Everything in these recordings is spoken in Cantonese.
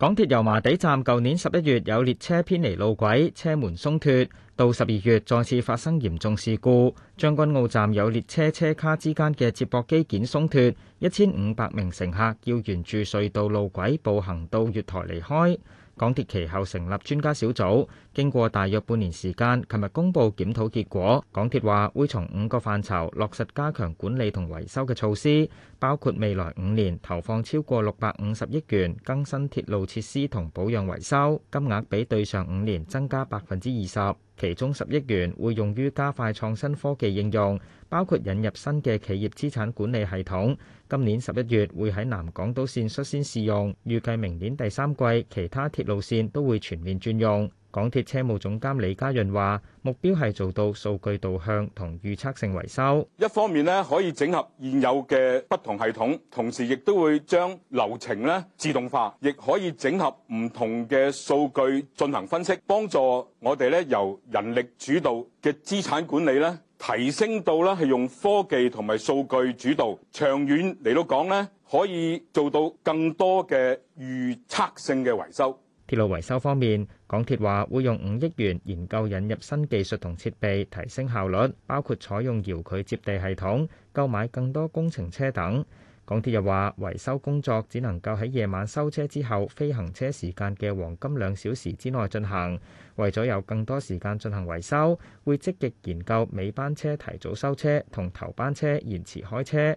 港鐵油麻地站舊年十一月有列車偏離路軌，車門鬆脱；到十二月再次發生嚴重事故。將軍澳站有列車車卡之間嘅接駁機件鬆脱，一千五百名乘客要沿住隧道路軌步行到月台離開。港鐵其後成立專家小組。經過大約半年時間，琴日公佈檢討結果，港鐵話會從五個範疇落實加強管理同維修嘅措施，包括未來五年投放超過六百五十億元更新鐵路設施同保養維修，金額比對上五年增加百分之二十。其中十億元會用於加快創新科技應用，包括引入新嘅企業資產管理系統。今年十一月會喺南港島線率先試用，預計明年第三季其他鐵路線都會全面轉用。港鐵車務總監李家潤話：目標係做到數據導向同預測性維修。一方面可以整合現有嘅不同系統，同時亦都會將流程自動化，亦可以整合唔同嘅數據進行分析，幫助我哋由人力主導嘅資產管理提升到呢係用科技同埋數據主導。長遠嚟講可以做到更多嘅預測性嘅維修。鐵路維修方面，港鐵話會用五億元研究引入新技術同設備，提升效率，包括採用遙距接地系統、購買更多工程車等。港鐵又話維修工作只能夠喺夜晚收車之後、非行車時間嘅黃金兩小時之內進行。為咗有更多時間進行維修，會積極研究尾班車提早收車同頭班車延遲開車。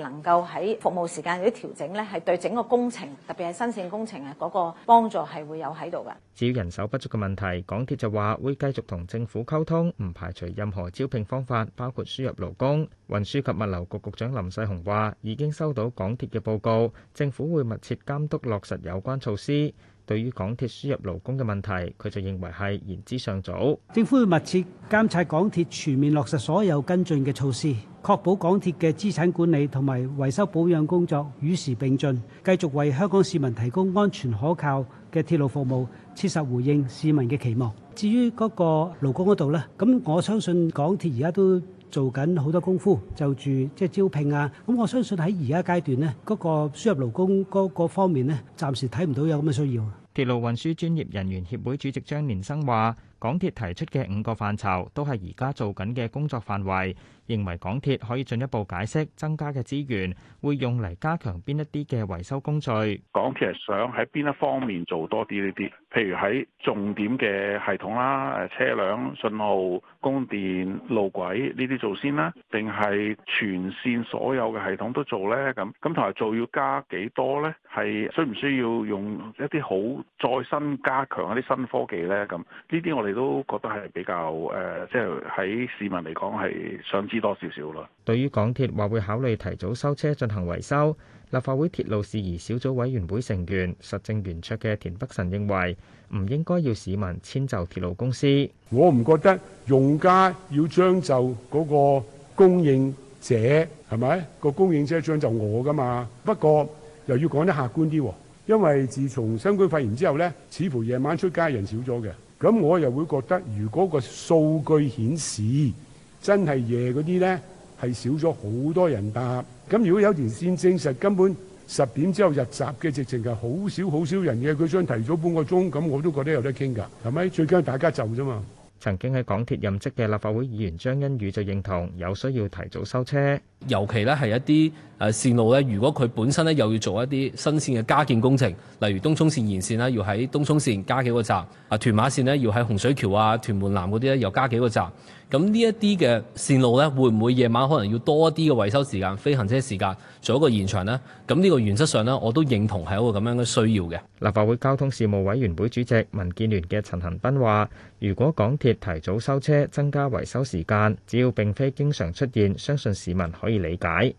能夠喺服務時間有啲調整咧，係對整個工程，特別係新線工程啊，嗰個幫助係會有喺度㗎。至於人手不足嘅問題，港鐵就話會繼續同政府溝通，唔排除任何招聘方法，包括輸入勞工。運輸及物流局局長林世雄話：已經收到港鐵嘅報告，政府會密切監督落實有關措施。對於港鐵輸入勞工嘅問題，佢就認為係言之尚早。政府會密切監察港鐵全面落實所有跟進嘅措施，確保港鐵嘅資產管理同埋維修保養工作與時並進，繼續為香港市民提供安全可靠嘅鐵路服務，切實回應市民嘅期望。至於嗰個勞工嗰度呢，咁我相信港鐵而家都做緊好多功夫，就住即係招聘啊。咁我相信喺而家階段呢，嗰個輸入勞工嗰個方面呢，暫時睇唔到有咁嘅需要。鐵路運輸專業人員協會主席張連生話：港鐵提出嘅五個範疇都係而家做緊嘅工作範圍，認為港鐵可以進一步解釋增加嘅資源會用嚟加強邊一啲嘅維修工序。港鐵係想喺邊一方面做多啲呢啲，譬如喺重點嘅系統啦，誒車輛、信號、供電、路軌呢啲做先啦，定係全綫所有嘅系統都做咧？咁咁同埋做要加幾多咧？係需唔需要用一啲好再新加強一啲新科技咧？咁呢啲我哋。亦都覺得係比較誒，即係喺市民嚟講係想知多少少咯。對於港鐵話會考慮提早收車進行維修，立法會鐵路事宜小組委員會成員、實政圓桌嘅田北辰認為，唔應該要市民遷就鐵路公司。我唔覺得用家要將就嗰個供應者係咪？個供應者將就我㗎嘛？不過又要講得客觀啲，因為自從新冠肺炎之後呢，似乎夜晚出街人少咗嘅。咁我又會覺得，如果個數據顯示真係夜嗰啲呢，係少咗好多人搭，咁如果有條線證實根本十點之後入閘嘅直情係好少好少人嘅，佢想提早半個鐘，咁我都覺得有得傾㗎，係咪？最緊要大家就啫嘛。曾經喺港鐵任職嘅立法會議員張欣宇就認同有需要提早收車，尤其咧係一啲。誒、啊、線路咧，如果佢本身咧又要做一啲新線嘅加建工程，例如東涌線延線啦，要喺東涌線加幾個站啊；屯馬線呢要喺洪水橋啊、屯門南嗰啲咧，又加幾個站。咁呢一啲嘅線路咧，會唔會夜晚可能要多一啲嘅維修時間、飛行車時間，做一個延長呢？咁呢個原則上呢我都認同係一個咁樣嘅需要嘅。立法會交通事務委員會主席民建聯嘅陳恒斌話，如果港鐵提早收車，增加維修時間，只要並非經常出現，相信市民可以理解。